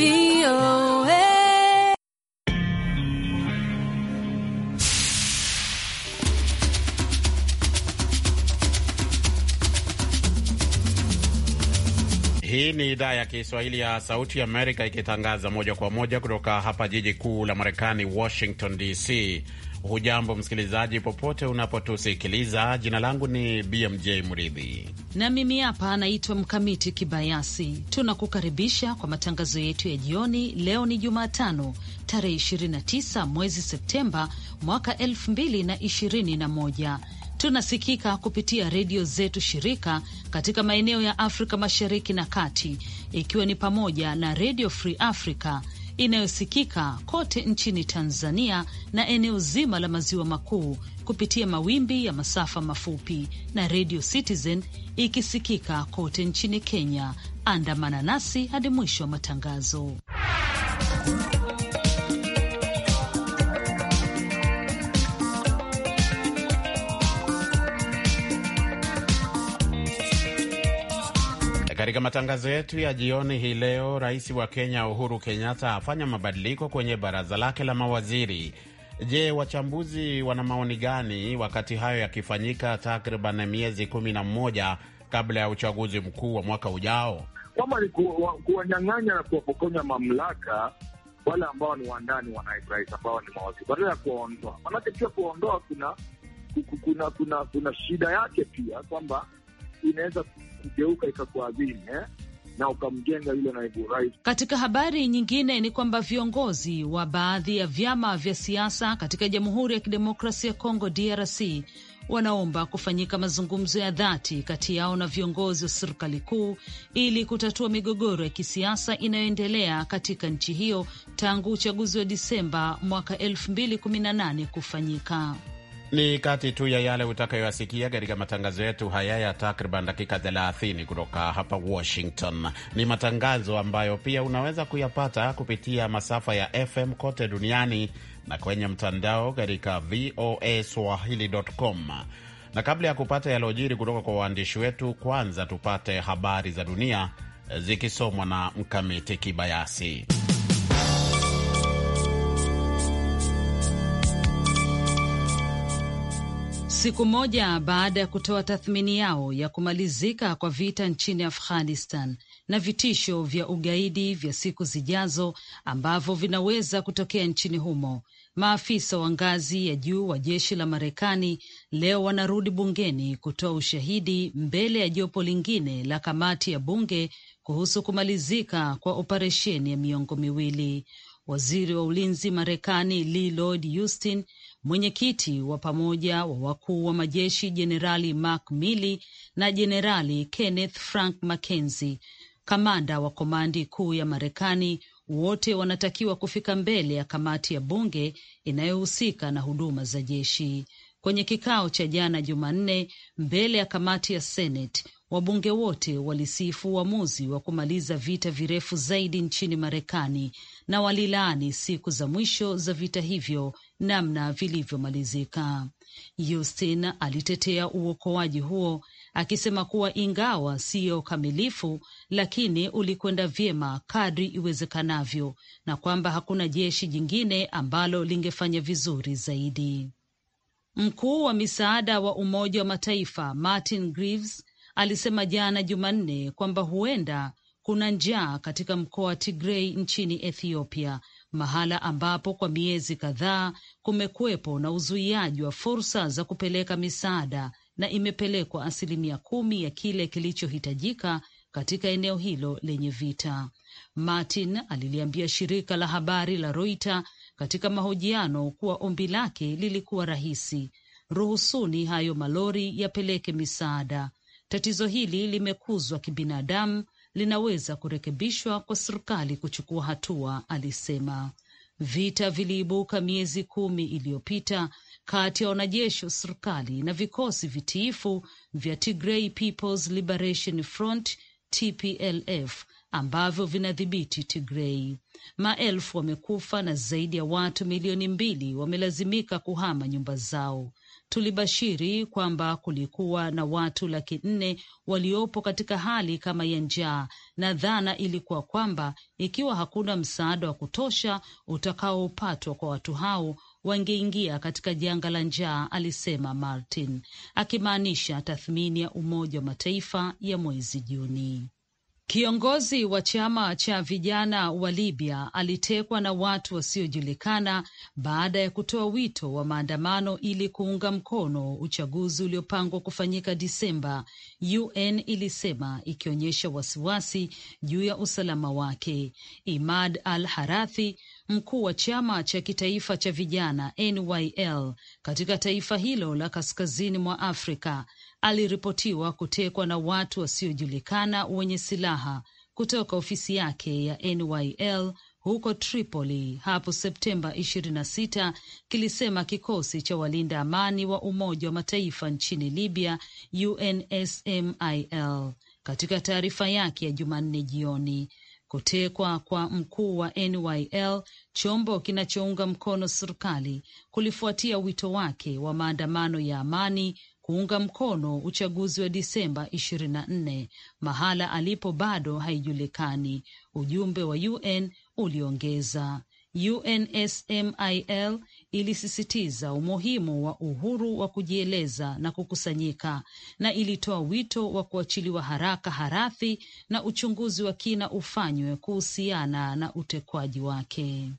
VOA. Hii ni idhaa ya Kiswahili ya Sauti ya Amerika ikitangaza moja kwa moja kutoka hapa jiji kuu la Marekani, Washington DC. Hujambo msikilizaji, popote unapotusikiliza. Jina langu ni BMJ Mridhi na mimi hapa anaitwa Mkamiti Kibayasi. Tunakukaribisha kwa matangazo yetu ya jioni. Leo ni Jumatano tarehe 29 mwezi Septemba mwaka 2021. Tunasikika kupitia redio zetu shirika katika maeneo ya Afrika Mashariki na Kati, ikiwa ni pamoja na Redio Free Africa inayosikika kote nchini Tanzania na eneo zima la maziwa makuu kupitia mawimbi ya masafa mafupi na Radio Citizen ikisikika kote nchini Kenya. Andamana nasi hadi mwisho wa matangazo. Katika matangazo yetu ya jioni hii leo, rais wa Kenya Uhuru Kenyatta afanya mabadiliko kwenye baraza lake la mawaziri. Je, wachambuzi wana maoni gani wakati hayo yakifanyika takriban miezi kumi na mmoja kabla ya uchaguzi mkuu wa mwaka ujao? kwamba ni kuwanyang'anya na kuwapokonya mamlaka wale ambao ni wandani wa naibu rais ambao ni mawaziri, badala ya kuwaondoa. Maanake pia kuwaondoa kuna kuna kuna kuna shida yake pia kwamba inaweza kugeuka ikakuadhiri eh? na ukamjenga yule naibu rais. Katika habari nyingine ni kwamba viongozi wa baadhi ya vyama vya siasa katika Jamhuri ya Kidemokrasia ya Kongo DRC wanaomba kufanyika mazungumzo ya dhati kati yao na viongozi wa serikali kuu ili kutatua migogoro ya kisiasa inayoendelea katika nchi hiyo tangu uchaguzi wa Disemba mwaka 2018 kufanyika. Ni kati tu ya yale utakayoyasikia katika matangazo yetu haya ya takriban dakika 30 kutoka hapa Washington. Ni matangazo ambayo pia unaweza kuyapata kupitia masafa ya FM kote duniani na kwenye mtandao katika VOA swahili.com. Na kabla ya kupata yalojiri kutoka kwa waandishi wetu, kwanza tupate habari za dunia eh, zikisomwa na Mkamiti Kibayasi. Siku moja baada ya kutoa tathmini yao ya kumalizika kwa vita nchini Afghanistan na vitisho vya ugaidi vya siku zijazo ambavyo vinaweza kutokea nchini humo, maafisa wa ngazi ya juu wa jeshi la Marekani leo wanarudi bungeni kutoa ushahidi mbele ya jopo lingine la kamati ya bunge kuhusu kumalizika kwa operesheni ya miongo miwili. Waziri wa ulinzi Marekani Lloyd Austin Mwenyekiti wa pamoja wa wakuu wa majeshi Jenerali Mark Milley na Jenerali Kenneth Frank McKenzie, kamanda wa komandi kuu ya Marekani, wote wanatakiwa kufika mbele ya kamati ya bunge inayohusika na huduma za jeshi. Kwenye kikao cha jana Jumanne mbele ya kamati ya Senate, wabunge wote walisifu uamuzi wa kumaliza vita virefu zaidi nchini Marekani na walilaani siku za mwisho za vita hivyo namna vilivyomalizika. yustin alitetea uokoaji huo akisema kuwa ingawa siyo kamilifu, lakini ulikwenda vyema kadri iwezekanavyo na kwamba hakuna jeshi jingine ambalo lingefanya vizuri zaidi. Mkuu wa misaada wa Umoja wa Mataifa Martin grives alisema jana Jumanne kwamba huenda kuna njaa katika mkoa wa Tigrei nchini Ethiopia mahala ambapo kwa miezi kadhaa kumekuwepo na uzuiaji wa fursa za kupeleka misaada na imepelekwa asilimia kumi ya kile kilichohitajika katika eneo hilo lenye vita. Martin aliliambia shirika la habari la Reuters katika mahojiano kuwa ombi lake lilikuwa rahisi: ruhusuni hayo malori yapeleke misaada. Tatizo hili limekuzwa kibinadamu linaweza kurekebishwa kwa serikali kuchukua hatua, alisema. Vita viliibuka miezi kumi iliyopita kati ya wanajeshi wa serikali na vikosi vitiifu vya Tigray People's Liberation Front TPLF ambavyo vinadhibiti tigrei Maelfu wamekufa na zaidi ya watu milioni mbili wamelazimika kuhama nyumba zao tulibashiri kwamba kulikuwa na watu laki nne waliopo katika hali kama ya njaa, na dhana ilikuwa kwamba ikiwa hakuna msaada wa kutosha utakaopatwa kwa watu hao wangeingia katika janga la njaa, alisema Martin, akimaanisha tathmini ya Umoja wa Mataifa ya mwezi Juni. Kiongozi wa chama cha vijana wa Libya alitekwa na watu wasiojulikana baada ya kutoa wito wa maandamano ili kuunga mkono uchaguzi uliopangwa kufanyika Disemba, UN ilisema ikionyesha wasiwasi juu ya usalama wake. Imad Al Harathi, mkuu wa chama cha kitaifa cha vijana NYL katika taifa hilo la kaskazini mwa Afrika aliripotiwa kutekwa na watu wasiojulikana wenye silaha kutoka ofisi yake ya NYL huko Tripoli hapo Septemba 26, kilisema kikosi cha walinda amani wa Umoja wa Mataifa nchini Libya UNSMIL katika taarifa yake ya Jumanne jioni. Kutekwa kwa mkuu wa NYL chombo kinachounga mkono serikali kulifuatia wito wake wa maandamano ya amani kuunga mkono uchaguzi wa Disemba 24 mahala alipo bado haijulikani, ujumbe wa UN uliongeza. UNSMIL ilisisitiza umuhimu wa uhuru wa kujieleza na kukusanyika na ilitoa wito wa kuachiliwa haraka Harathi na uchunguzi wa kina ufanywe kuhusiana na utekwaji wake.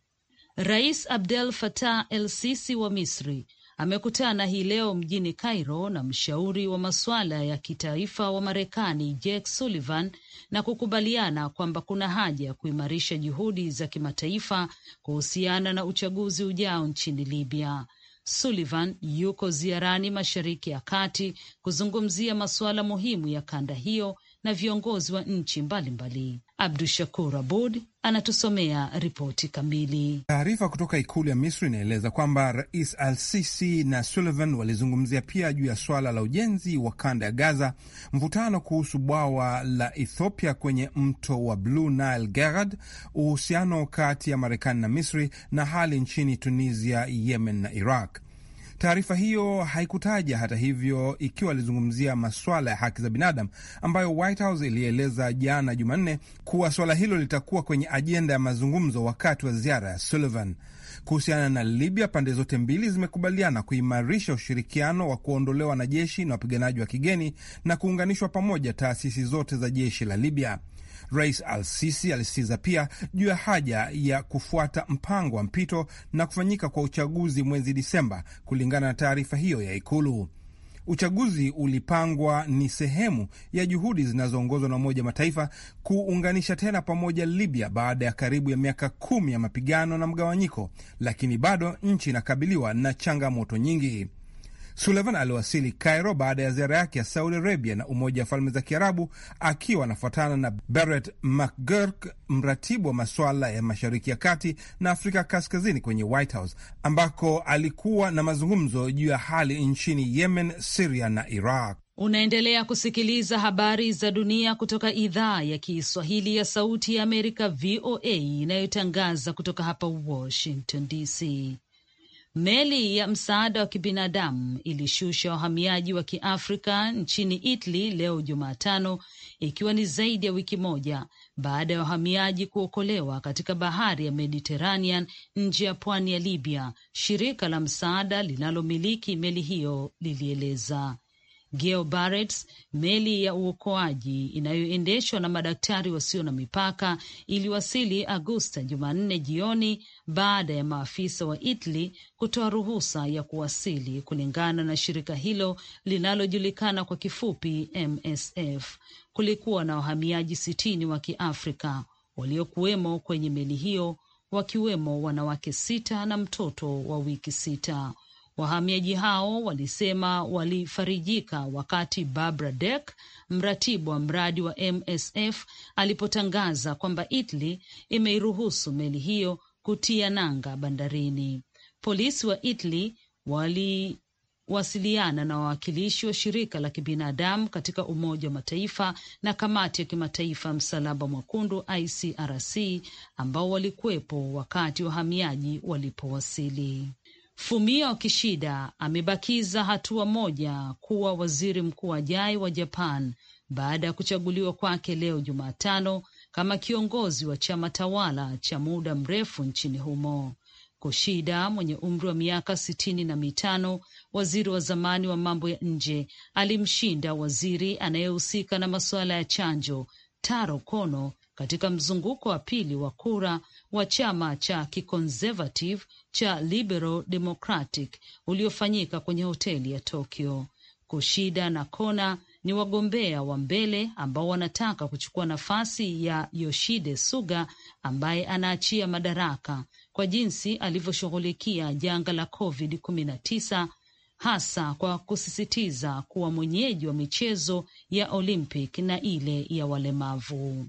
Rais Abdel Fattah el Sisi wa Misri amekutana hii leo mjini Cairo na mshauri wa masuala ya kitaifa wa Marekani Jake Sullivan na kukubaliana kwamba kuna haja ya kuimarisha juhudi za kimataifa kuhusiana na uchaguzi ujao nchini Libya. Sullivan yuko ziarani Mashariki ya Kati kuzungumzia masuala muhimu ya kanda hiyo na viongozi wa nchi mbalimbali. Abdu Shakur Abud anatusomea ripoti kamili. Taarifa kutoka ikulu ya Misri inaeleza kwamba Rais Al Sisi na Sullivan walizungumzia pia juu ya swala la ujenzi wa kanda ya Gaza, mvutano kuhusu bwawa la Ethiopia kwenye mto wa Blue Nile Gerard, uhusiano kati ya Marekani na Misri na hali nchini Tunisia, Yemen na Iraq. Taarifa hiyo haikutaja hata hivyo ikiwa alizungumzia maswala ya haki za binadamu ambayo White House ilieleza jana Jumanne kuwa swala hilo litakuwa kwenye ajenda ya mazungumzo wakati wa ziara ya Sullivan. Kuhusiana na Libya, pande zote mbili zimekubaliana kuimarisha ushirikiano wa kuondolewa na jeshi na wapiganaji wa kigeni na kuunganishwa pamoja taasisi zote za jeshi la Libya. Rais Al-Sisi alisisitiza pia juu ya haja ya kufuata mpango wa mpito na kufanyika kwa uchaguzi mwezi Disemba, kulingana na taarifa hiyo ya Ikulu. Uchaguzi ulipangwa ni sehemu ya juhudi zinazoongozwa na Umoja wa Mataifa kuunganisha tena pamoja Libya baada ya karibu ya miaka kumi ya mapigano na mgawanyiko, lakini bado nchi inakabiliwa na changamoto nyingi. Sulevan aliwasili Cairo baada ya ziara yake ya Saudi Arabia na Umoja wa Falme za Kiarabu, akiwa anafuatana na Beret McGurk, mratibu wa masuala ya Mashariki ya Kati na Afrika Kaskazini kwenye White House, ambako alikuwa na mazungumzo juu ya hali nchini Yemen, Siria na Iraq. Unaendelea kusikiliza habari za dunia kutoka idhaa ya Kiswahili ya Sauti ya Amerika, VOA, inayotangaza kutoka hapa Washington DC. Meli ya msaada wa kibinadamu ilishusha wahamiaji wa kiafrika nchini Italy leo Jumatano, ikiwa ni zaidi ya wiki moja baada ya wahamiaji kuokolewa katika bahari ya Mediterranean nje ya pwani ya Libya, shirika la msaada linalomiliki meli hiyo lilieleza. Gail Barrett, meli ya uokoaji inayoendeshwa na madaktari wasio na mipaka iliwasili Agosta Jumanne jioni baada ya maafisa wa Italy kutoa ruhusa ya kuwasili, kulingana na shirika hilo linalojulikana kwa kifupi MSF. Kulikuwa na wahamiaji sitini wa Kiafrika waliokuwemo kwenye meli hiyo, wakiwemo wanawake sita na mtoto wa wiki sita. Wahamiaji hao walisema walifarijika wakati Barbara Deck, mratibu wa mradi wa MSF, alipotangaza kwamba Italy imeiruhusu meli hiyo kutia nanga bandarini. Polisi wa Italy wali wasiliana na wawakilishi wa shirika la kibinadamu katika Umoja wa Mataifa na kamati ya kimataifa Msalaba Mwekundu ICRC ambao walikuwepo wakati wahamiaji walipowasili. Fumio Kishida amebakiza hatua moja kuwa waziri mkuu ajaye wa Japan baada ya kuchaguliwa kwake leo Jumatano kama kiongozi wa chama tawala cha muda mrefu nchini humo. Kushida mwenye umri wa miaka sitini na mitano, waziri wa zamani wa mambo ya nje, alimshinda waziri anayehusika na masuala ya chanjo Taro Kono katika mzunguko wa pili wa kura wa chama cha kiconservative cha Liberal Democratic uliofanyika kwenye hoteli ya Tokyo. Kushida na Kona ni wagombea wa mbele ambao wanataka kuchukua nafasi ya Yoshide Suga ambaye anaachia madaraka kwa jinsi alivyoshughulikia janga la COVID-19 hasa kwa kusisitiza kuwa mwenyeji wa michezo ya Olympic na ile ya walemavu.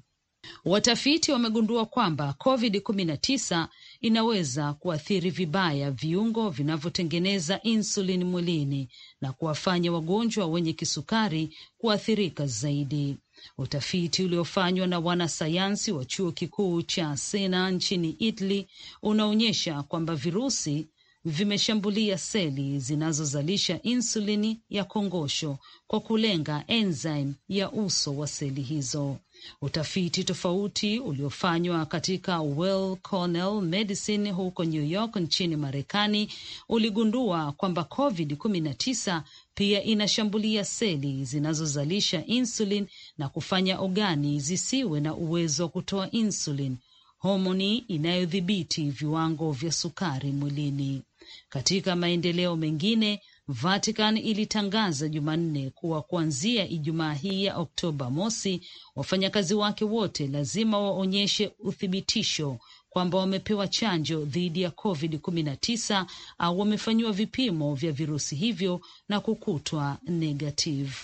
Watafiti wamegundua kwamba covid 19 inaweza kuathiri vibaya viungo vinavyotengeneza insulini mwilini na kuwafanya wagonjwa wenye kisukari kuathirika zaidi. Utafiti uliofanywa na wanasayansi wa chuo kikuu cha Siena nchini Italy unaonyesha kwamba virusi vimeshambulia seli zinazozalisha insulini ya kongosho kwa kulenga enzyme ya uso wa seli hizo. Utafiti tofauti uliofanywa katika Weill Cornell Medicine huko New York nchini Marekani uligundua kwamba COVID-19 pia inashambulia seli zinazozalisha insulin na kufanya ogani zisiwe na uwezo wa kutoa insulin, homoni inayodhibiti viwango vya sukari mwilini. Katika maendeleo mengine Vatican ilitangaza Jumanne kuwa kuanzia Ijumaa hii ya Oktoba mosi, wafanyakazi wake wote lazima waonyeshe uthibitisho kwamba wamepewa chanjo dhidi ya COVID-19 au wamefanyiwa vipimo vya virusi hivyo na kukutwa negative.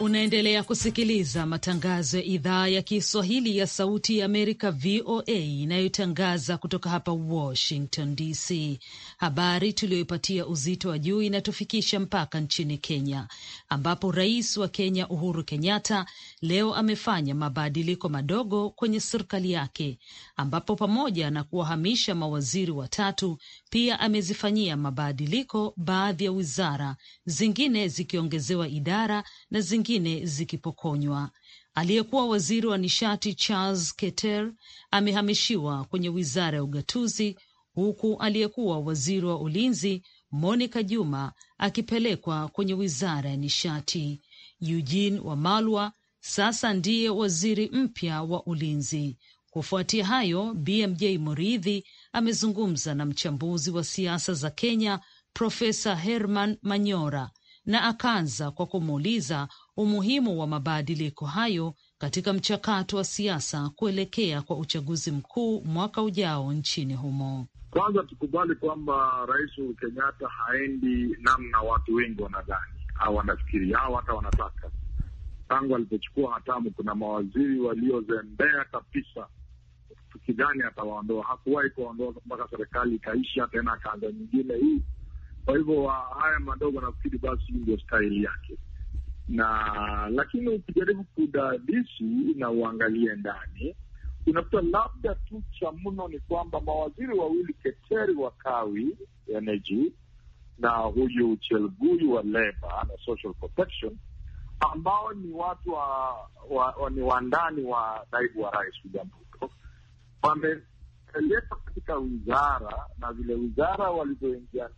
Unaendelea kusikiliza matangazo ya idhaa ya Kiswahili ya Sauti ya Amerika, VOA, inayotangaza kutoka hapa Washington DC. Habari tuliyoipatia uzito wa juu inatufikisha mpaka nchini Kenya, ambapo rais wa Kenya Uhuru Kenyatta leo amefanya mabadiliko madogo kwenye serikali yake, ambapo pamoja na kuwahamisha mawaziri watatu, pia amezifanyia mabadiliko baadhi ya wizara, zingine zikiongezewa idara na zingine nyingine zikipokonywa. Aliyekuwa waziri wa nishati Charles Keter amehamishiwa kwenye wizara ya ugatuzi, huku aliyekuwa waziri wa ulinzi Monica Juma akipelekwa kwenye wizara ya nishati. Eugene Wamalwa sasa ndiye waziri mpya wa ulinzi. Kufuatia hayo, BMJ Muridhi amezungumza na mchambuzi wa siasa za Kenya Profesa Herman Manyora na akaanza kwa kumuuliza umuhimu wa mabadiliko hayo katika mchakato wa siasa kuelekea kwa uchaguzi mkuu mwaka ujao nchini humo. Kwanza tukubali kwamba Rais Uhuru Kenyatta haendi namna watu wengi wanadhani au wanafikiri au hata wanataka. Tangu alipochukua hatamu, kuna mawaziri waliozembea kabisa, tukidhani atawaondoa. Hakuwahi kuwaondoa mpaka serikali ikaisha, tena akaanza nyingine hii. Kwa hivyo haya madogo, nafikiri basi ndio staili yake na lakini ukijaribu kudadisi na uangalie ndani unakuta labda tu cha mno ni kwamba mawaziri wawili Keteri wa kawi energy na huyu Chelgui wa leba na social protection ambao ni watu wa, wa, wa ni wandani wa naibu wa rais William Ruto wameleta katika wizara na vile wizara walivyoingia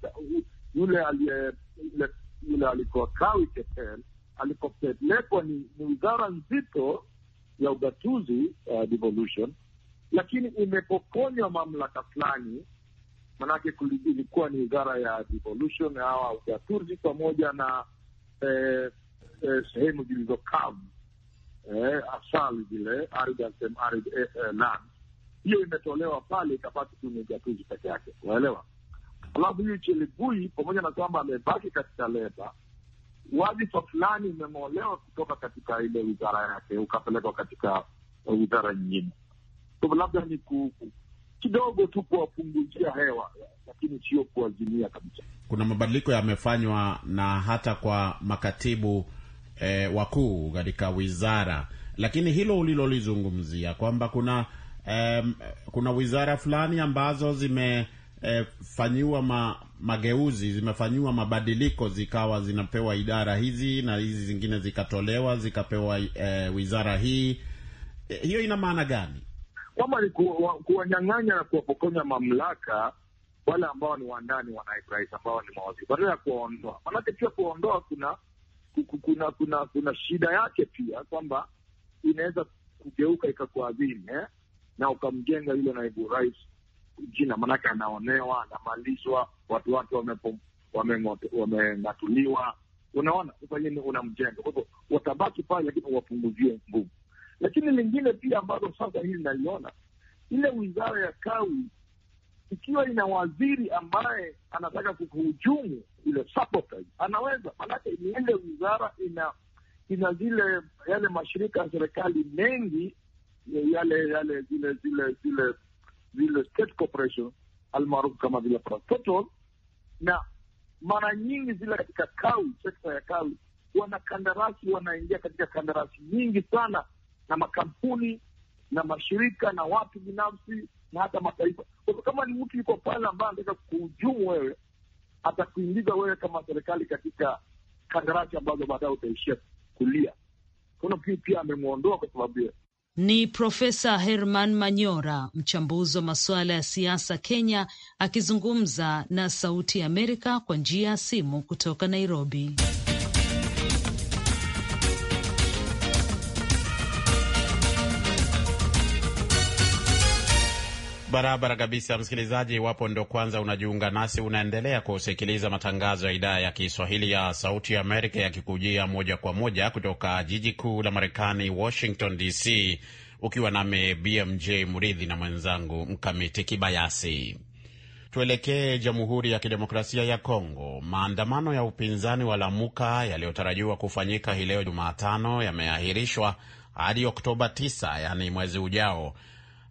yule alikuwa kawi Keteri alipopelekwa ni, ni wizara nzito ya ugatuzi uh, devolution, lakini imepokonywa mamlaka fulani, manake ilikuwa ni wizara ya devolution au ugatuzi pamoja na eh, eh, sehemu zilizokavu eh, asali zile arid arid eh, eh, land hiyo imetolewa pale ikabaki tu ni ugatuzi peke yake, unaelewa. Alafu hiyo Chelugui pamoja na kwamba amebaki katika leba wadhifa fulani umemwolewa kutoka katika ile wizara yake ukapelekwa katika wizara nyingine. labda ni ku, kidogo tu kuwapunguzia hewa, lakini sio kuwazimia kabisa. Kuna mabadiliko yamefanywa na hata kwa makatibu eh, wakuu katika wizara, lakini hilo ulilolizungumzia kwamba kuna eh, kuna wizara fulani ambazo zimefanyiwa eh, mageuzi, zimefanyiwa mabadiliko, zikawa zinapewa idara hizi na hizi zingine zikatolewa zikapewa e, wizara hii e, hiyo ina maana gani? Kwamba ni kuwanyang'anya na kuwapokonya mamlaka wale ambao ni wandani wa naibu rais ambao ni mawaziri, badala ya kuwaondoa. Maanake pia kuwaondoa kuna kuna kuna kuna shida yake pia kwamba inaweza kugeuka ikakuadhini eh, na ukamjenga yule naibu rais jina, maanake anaonewa, anamalizwa, watu wake wameng'atuliwa. Unaona sasa nini unamjenga. Kwa hivyo watabaki pale, lakini wapunguzie nguvu. Lakini lingine pia ambalo sasa hili naliona, ile wizara ya kawi ikiwa ina waziri ambaye anataka kuhujumu ile anaweza maanake, ni ile wizara ina ina zile yale mashirika ya serikali mengi yale yale zile zile zile vile state corporation almaarufu kama vile Protocol, na mara nyingi zile katika kawi, sekta ya kawi, kandarasi wanaingia katika kandarasi nyingi sana na makampuni na mashirika na watu binafsi na hata mataifa. Kwa hivyo kama ni mtu yuko pale ambaye anataka kuhujumu wewe, atakuingiza wewe kama serikali katika kandarasi ambazo baadaye utaishia kulia. Kuna pia amemwondoa kwa sababu ni Profesa Herman Manyora, mchambuzi wa masuala ya siasa Kenya, akizungumza na Sauti ya Amerika kwa njia ya simu kutoka Nairobi. Barabara kabisa, msikilizaji. Iwapo ndo kwanza unajiunga nasi, unaendelea kusikiliza matangazo ya idhaa ya Kiswahili ya Sauti ya Amerika yakikujia moja kwa moja kutoka jiji kuu la Marekani, Washington DC, ukiwa nami BMJ Muridhi na mwenzangu Mkamiti Kibayasi. Tuelekee Jamhuri ya Kidemokrasia ya Kongo. Maandamano ya upinzani wa Lamuka yaliyotarajiwa kufanyika hii leo Jumatano yameahirishwa hadi Oktoba 9, yaani mwezi ujao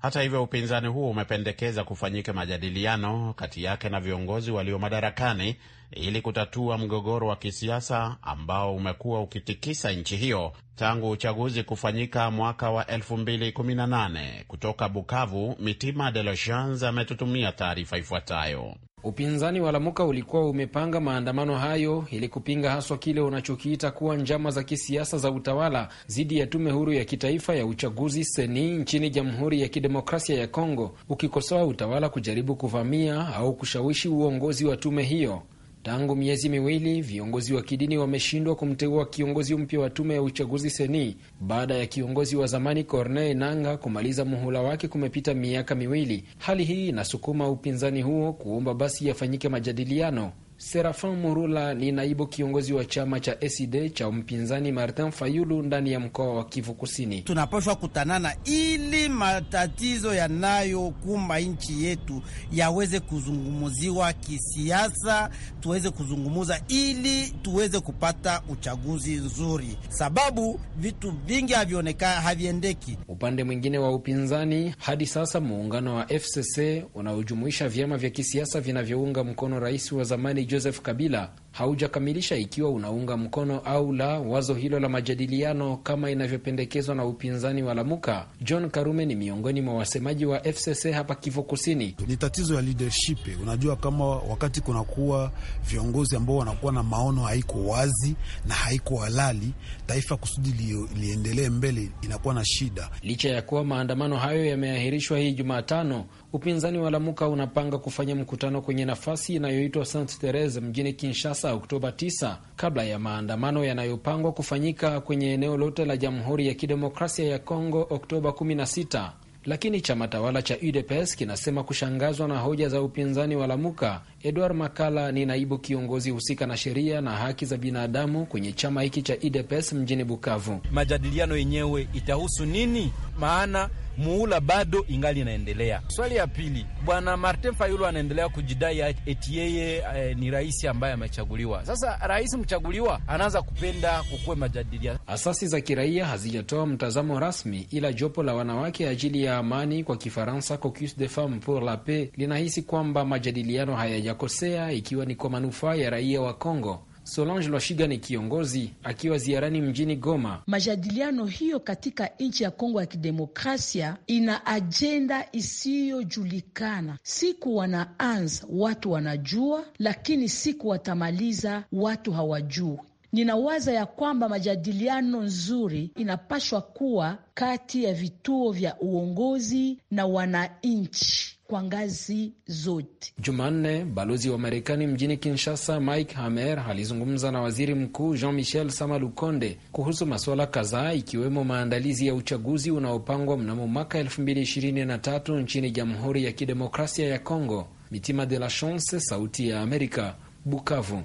hata hivyo, upinzani huo umependekeza kufanyika majadiliano kati yake na viongozi walio madarakani ili kutatua mgogoro wa kisiasa ambao umekuwa ukitikisa nchi hiyo tangu uchaguzi kufanyika mwaka wa 2018. Kutoka Bukavu, Mitima De Lachans ametutumia taarifa ifuatayo. Upinzani wa Lamuka ulikuwa umepanga maandamano hayo ili kupinga haswa kile unachokiita kuwa njama za kisiasa za utawala dhidi ya tume huru ya kitaifa ya uchaguzi seni nchini Jamhuri ya Kidemokrasia ya Kongo, ukikosoa utawala kujaribu kuvamia au kushawishi uongozi wa tume hiyo. Tangu miezi miwili viongozi wa kidini wameshindwa kumteua kiongozi mpya wa tume ya uchaguzi seni baada ya kiongozi wa zamani Corneille Nanga kumaliza muhula wake kumepita miaka miwili. Hali hii inasukuma upinzani huo kuomba basi yafanyike majadiliano Serafin Murula ni naibu kiongozi wa chama cha SID cha mpinzani Martin Fayulu ndani ya mkoa wa Kivu Kusini. Tunapashwa kutanana ili matatizo yanayokumba nchi yetu yaweze kuzungumuziwa kisiasa, tuweze kuzungumuza ili tuweze kupata uchaguzi nzuri, sababu vitu vingi havionekana, haviendeki. Upande mwingine wa upinzani, hadi sasa muungano wa FCC unaojumuisha vyama vya kisiasa vinavyounga mkono rais wa zamani Joseph Kabila haujakamilisha ikiwa unaunga mkono au la wazo hilo la majadiliano kama inavyopendekezwa na upinzani wa Lamuka. John Karume ni miongoni mwa wasemaji wa FCC hapa Kivu Kusini. Ni tatizo ya leadership. Unajua, kama wakati kunakuwa viongozi ambao wanakuwa na maono haiko wazi na haiko halali, taifa kusudi liendelee mbele inakuwa na shida. Licha ya kuwa maandamano hayo yameahirishwa hii Jumatano, upinzani wa Lamuka unapanga kufanya mkutano kwenye nafasi inayoitwa Saint Therese mjini Kinshasa sasa Oktoba 9 kabla ya maandamano yanayopangwa kufanyika kwenye eneo lote la Jamhuri ya Kidemokrasia ya Kongo Oktoba 16. Lakini chama tawala cha UDPS kinasema kushangazwa na hoja za upinzani wa Lamuka. Edward Makala ni naibu kiongozi husika na sheria na haki za binadamu kwenye chama hiki cha UDPS mjini Bukavu. Majadiliano yenyewe itahusu nini? maana muula bado ingali inaendelea. Swali ya pili, bwana Martin Fayulu anaendelea kujidai eti yeye e, ni rais ambaye amechaguliwa. Sasa rais mchaguliwa anaanza kupenda kukuwe majadiliano. Asasi za kiraia hazijatoa mtazamo rasmi, ila jopo la wanawake ajili ya amani kwa Kifaransa, Caucus de Femmes pour la Paix, linahisi kwamba majadiliano hayajakosea ikiwa ni kwa manufaa ya raia wa Kongo. Solange Lwashiga ni kiongozi akiwa ziarani mjini Goma. Majadiliano hiyo katika nchi ya Kongo ya Kidemokrasia ina ajenda isiyojulikana. Siku wanaanza watu wanajua, lakini siku watamaliza watu hawajui. Ninawaza ya kwamba majadiliano nzuri inapashwa kuwa kati ya vituo vya uongozi na wananchi kwa ngazi zote. Jumanne, balozi wa Marekani mjini Kinshasa Mike Hammer alizungumza na waziri mkuu Jean Michel Sama Lukonde kuhusu masuala kadhaa ikiwemo maandalizi ya uchaguzi unaopangwa mnamo mwaka 2023 nchini Jamhuri ya Kidemokrasia ya congo Mitima de la Chance, Sauti ya Amerika, Bukavu.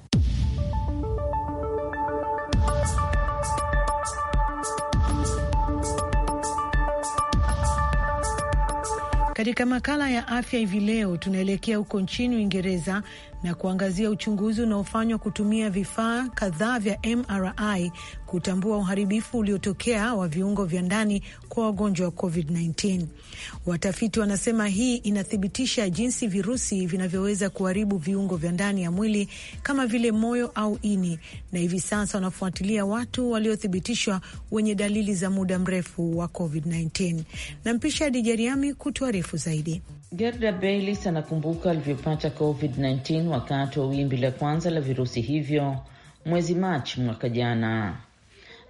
Katika makala ya afya hivi leo, tunaelekea huko nchini Uingereza na kuangazia uchunguzi unaofanywa kutumia vifaa kadhaa vya MRI kutambua uharibifu uliotokea wa viungo vya ndani kwa wagonjwa wa COVID-19. Watafiti wanasema hii inathibitisha jinsi virusi vinavyoweza kuharibu viungo vya ndani ya mwili kama vile moyo au ini, na hivi sasa wanafuatilia watu waliothibitishwa wenye dalili za muda mrefu wa COVID-19. Na mpisha Dijariami kutuarifu zaidi. Gerda Baylis anakumbuka alivyopata COVID-19 wakati wa wimbi la kwanza la virusi hivyo mwezi Machi mwaka jana.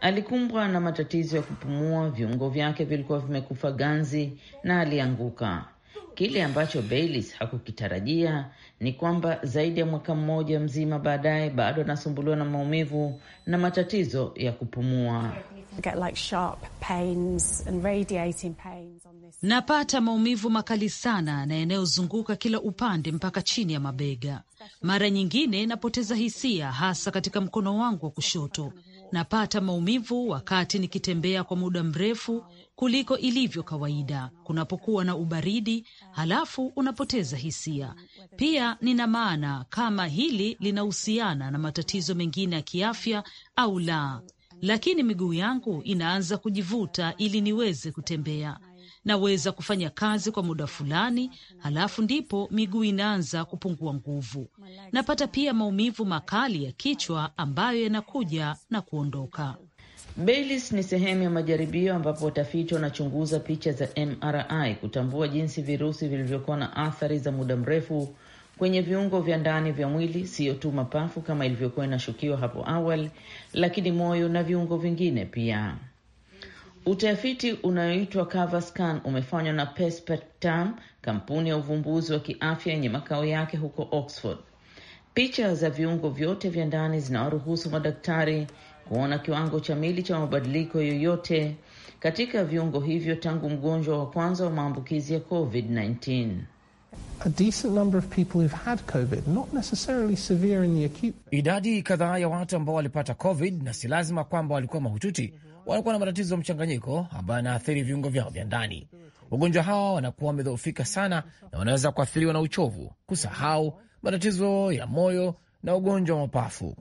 Alikumbwa na matatizo ya kupumua, viungo vyake vilikuwa vimekufa ganzi na alianguka. Kile ambacho Baylis hakukitarajia ni kwamba zaidi ya mwaka mmoja mzima baadaye bado anasumbuliwa na maumivu na matatizo ya kupumua. Napata maumivu makali sana na yanayozunguka kila upande mpaka chini ya mabega. Mara nyingine napoteza hisia, hasa katika mkono wangu wa kushoto, napata maumivu wakati nikitembea kwa muda mrefu kuliko ilivyo kawaida kunapokuwa na ubaridi, halafu unapoteza hisia. Pia nina maana kama hili linahusiana na matatizo mengine ya kiafya au la, lakini miguu yangu inaanza kujivuta ili niweze kutembea naweza kufanya kazi kwa muda fulani, halafu ndipo miguu inaanza kupungua nguvu. Napata pia maumivu makali ya kichwa ambayo yanakuja na kuondoka. Baylis ni sehemu ya majaribio ambapo watafiti wanachunguza picha za MRI kutambua jinsi virusi vilivyokuwa na athari za muda mrefu kwenye viungo vya ndani vya mwili, siyo tu mapafu kama ilivyokuwa inashukiwa hapo awali, lakini moyo na viungo vingine pia. Utafiti unaoitwa CoverScan umefanywa na Perspectam, kampuni ya uvumbuzi wa kiafya yenye makao yake huko Oxford. Picha za viungo vyote vya ndani zinawaruhusu madaktari kuona kiwango cha mili cha mabadiliko yoyote katika viungo hivyo tangu mgonjwa wa kwanza wa maambukizi ya COVID-19. Idadi kadhaa ya watu ambao walipata COVID na si lazima kwamba walikuwa mahututi mm -hmm wanakuwa na matatizo ya mchanganyiko ambayo yanaathiri viungo vyao vya ndani. Wagonjwa hawa wanakuwa wamedhoofika sana na wanaweza kuathiriwa na uchovu, kusahau, matatizo ya moyo na ugonjwa wa mapafu.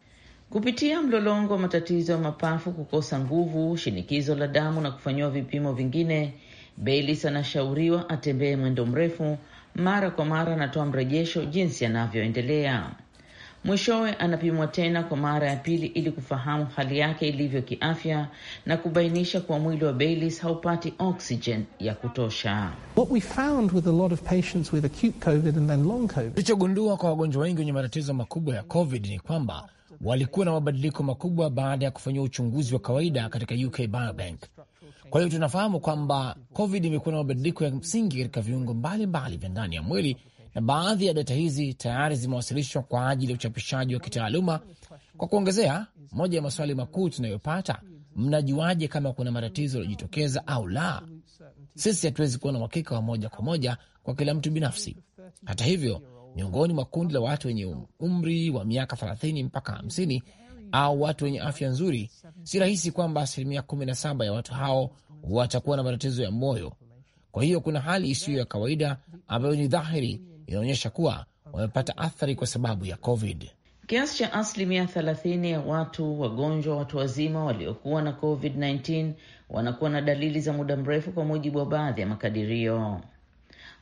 Kupitia mlolongo wa matatizo ya mapafu, kukosa nguvu, shinikizo la damu na kufanyiwa vipimo vingine, Baylis anashauriwa atembee mwendo mrefu mara kwa mara, anatoa mrejesho jinsi anavyoendelea. Mwishowe anapimwa tena kwa mara ya pili ili kufahamu hali yake ilivyo kiafya na kubainisha kuwa mwili wa Baylis haupati oksijen ya kutosha. Tulichogundua kwa wagonjwa wengi wenye matatizo makubwa ya COVID ni kwamba walikuwa na mabadiliko makubwa baada ya kufanyia uchunguzi wa kawaida katika UK Biobank. Kwa hiyo tunafahamu kwamba COVID imekuwa na mabadiliko ya msingi katika viungo mbalimbali vya ndani ya mwili na baadhi ya data hizi tayari zimewasilishwa kwa ajili ya uchapishaji wa kitaaluma. Kwa kuongezea, moja ya maswali makuu tunayopata, mnajuaje kama kuna matatizo yaliyojitokeza au la? Sisi hatuwezi kuwa na uhakika wa moja kwa moja kwa kila mtu binafsi. Hata hivyo, miongoni mwa kundi la watu wenye umri wa miaka 30 mpaka 50 au watu wenye afya nzuri, si rahisi kwamba asilimia 17 ya watu hao watakuwa na matatizo ya moyo. Kwa hiyo kuna hali isiyo ya kawaida ambayo ni dhahiri inaonyesha kuwa wamepata athari kwa sababu ya COVID. Kiasi cha asilimia 30 ya watu wagonjwa, watu wazima waliokuwa na COVID-19 wanakuwa na dalili za muda mrefu, kwa mujibu wa baadhi ya makadirio.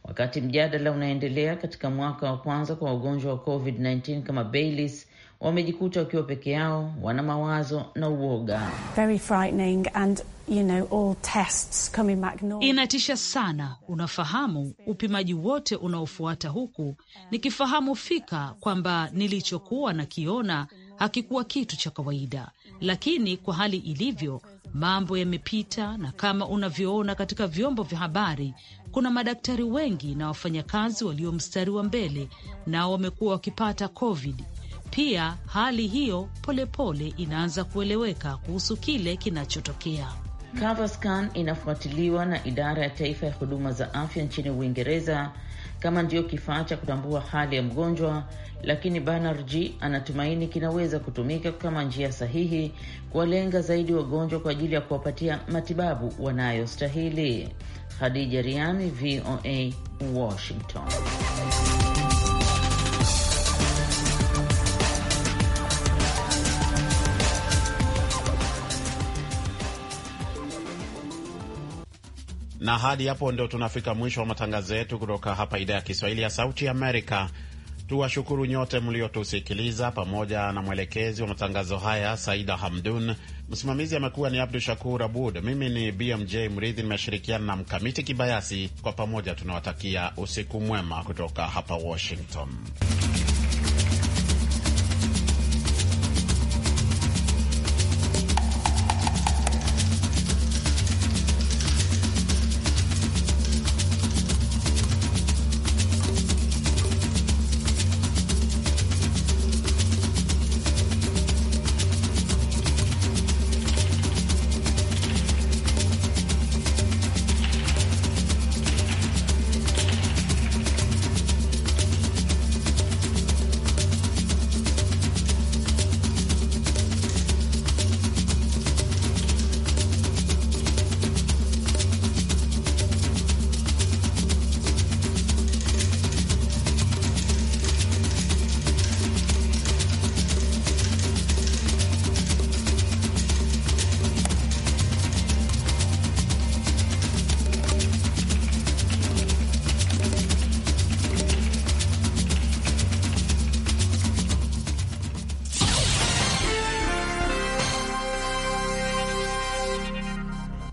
Wakati mjadala unaendelea katika mwaka wa kwanza kwa wagonjwa wa COVID-19 kama Baileys wamejikuta wakiwa peke yao, wana mawazo na uoga. Very frightening and you know, all tests coming back normal. Inatisha sana, unafahamu, upimaji wote unaofuata huku nikifahamu fika kwamba nilichokuwa nakiona hakikuwa kitu cha kawaida, lakini kwa hali ilivyo mambo yamepita, na kama unavyoona katika vyombo vya habari, kuna madaktari wengi na wafanyakazi walio mstari wa mbele, nao wamekuwa wakipata COVID pia hali hiyo polepole inaanza kueleweka kuhusu kile kinachotokea. CoverScan inafuatiliwa na idara ya taifa ya huduma za afya nchini Uingereza kama ndiyo kifaa cha kutambua hali ya mgonjwa, lakini Banerjee anatumaini kinaweza kutumika kama njia sahihi kuwalenga zaidi wagonjwa kwa ajili ya kuwapatia matibabu wanayostahili. Khadija Riani, VOA, Washington. Na hadi hapo ndio tunafika mwisho wa matangazo yetu kutoka hapa idhaa ya Kiswahili ya Sauti Amerika. Tuwashukuru nyote mliotusikiliza, pamoja na mwelekezi wa matangazo haya Saida Hamdun, msimamizi amekuwa ni Abdu Shakur Abud. Mimi ni BMJ Mridhi, nimeshirikiana na Mkamiti Kibayasi. Kwa pamoja tunawatakia usiku mwema kutoka hapa Washington.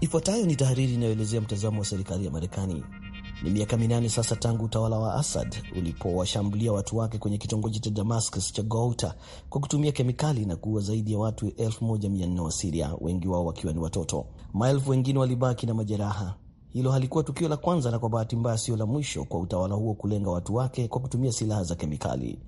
Ifuatayo ni tahariri inayoelezea mtazamo wa serikali ya Marekani. Ni miaka minane sasa tangu utawala wa Assad ulipowashambulia watu wake kwenye kitongoji cha Damascus cha Gouta kwa kutumia kemikali na kuua zaidi ya watu 1400 wa Siria, wengi wao wakiwa ni watoto. Maelfu wengine walibaki na majeraha. Hilo halikuwa tukio la kwanza na kwa bahati mbaya sio la mwisho kwa utawala huo kulenga watu wake kwa kutumia silaha za kemikali.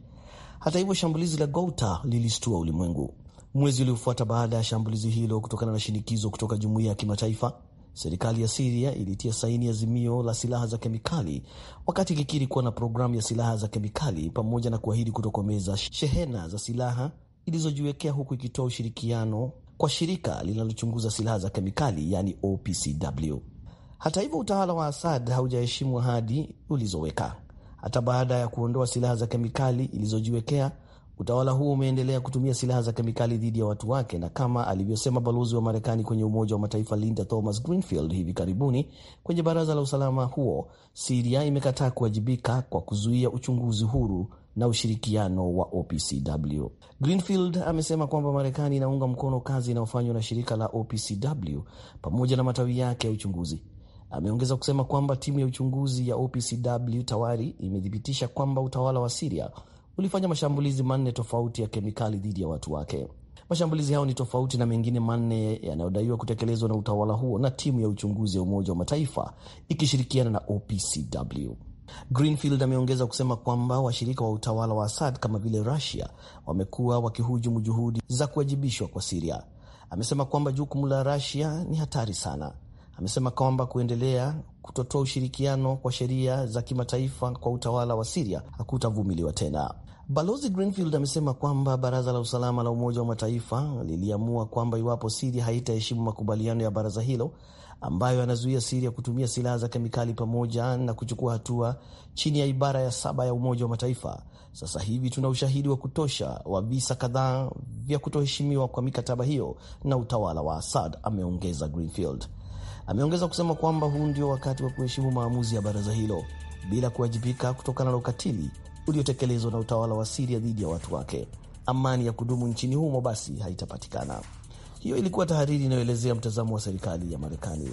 Hata hivyo, shambulizi la Gouta lilistua ulimwengu mwezi uliofuata baada ya shambulizi hilo. Kutokana na shinikizo kutoka jumuiya ya kimataifa, serikali ya Siria ilitia saini azimio la silaha za kemikali, wakati ikikiri kuwa na programu ya silaha za kemikali pamoja na kuahidi kutokomeza shehena za silaha ilizojiwekea, huku ikitoa ushirikiano kwa shirika linalochunguza silaha za kemikali yani OPCW. Hata hivyo, utawala wa Asad haujaheshimu ahadi ulizoweka hata baada ya kuondoa silaha za kemikali ilizojiwekea Utawala huo umeendelea kutumia silaha za kemikali dhidi ya watu wake, na kama alivyosema balozi wa Marekani kwenye Umoja wa Mataifa Linda Thomas Greenfield hivi karibuni kwenye Baraza la Usalama huo, Siria imekataa kuwajibika kwa kuzuia uchunguzi huru na ushirikiano wa OPCW. Greenfield amesema kwamba Marekani inaunga mkono kazi inayofanywa na shirika la OPCW pamoja na matawi yake ya uchunguzi. Ameongeza kusema kwamba timu ya uchunguzi ya OPCW tayari imethibitisha kwamba utawala wa Siria ulifanya mashambulizi manne tofauti ya kemikali dhidi ya watu wake. Mashambulizi hayo ni tofauti na mengine manne yanayodaiwa kutekelezwa na utawala huo na timu ya uchunguzi ya Umoja wa Mataifa ikishirikiana na OPCW. Greenfield ameongeza kusema kwamba washirika wa utawala wa Assad kama vile Russia wamekuwa wakihujumu juhudi za kuwajibishwa kwa Siria. Amesema kwamba jukumu la Russia ni hatari sana. Amesema kwamba kuendelea kutotoa ushirikiano kwa sheria za kimataifa kwa utawala wa Siria hakutavumiliwa tena. Balozi Greenfield amesema kwamba baraza la usalama la Umoja wa Mataifa liliamua kwamba iwapo Siria haitaheshimu makubaliano ya baraza hilo ambayo yanazuia Siria kutumia silaha za kemikali pamoja na kuchukua hatua chini ya ibara ya saba ya Umoja wa Mataifa, sasa hivi tuna ushahidi wa kutosha wa visa kadhaa vya kutoheshimiwa kwa mikataba hiyo na utawala wa Assad, ameongeza Greenfield. Ameongeza kusema kwamba huu ndio wakati wa kuheshimu maamuzi ya baraza hilo bila kuwajibika kutokana na ukatili uliotekelezwa na utawala wa Siria dhidi ya watu wake. Amani ya kudumu nchini humo basi haitapatikana. Hiyo ilikuwa tahariri inayoelezea mtazamo wa serikali ya Marekani.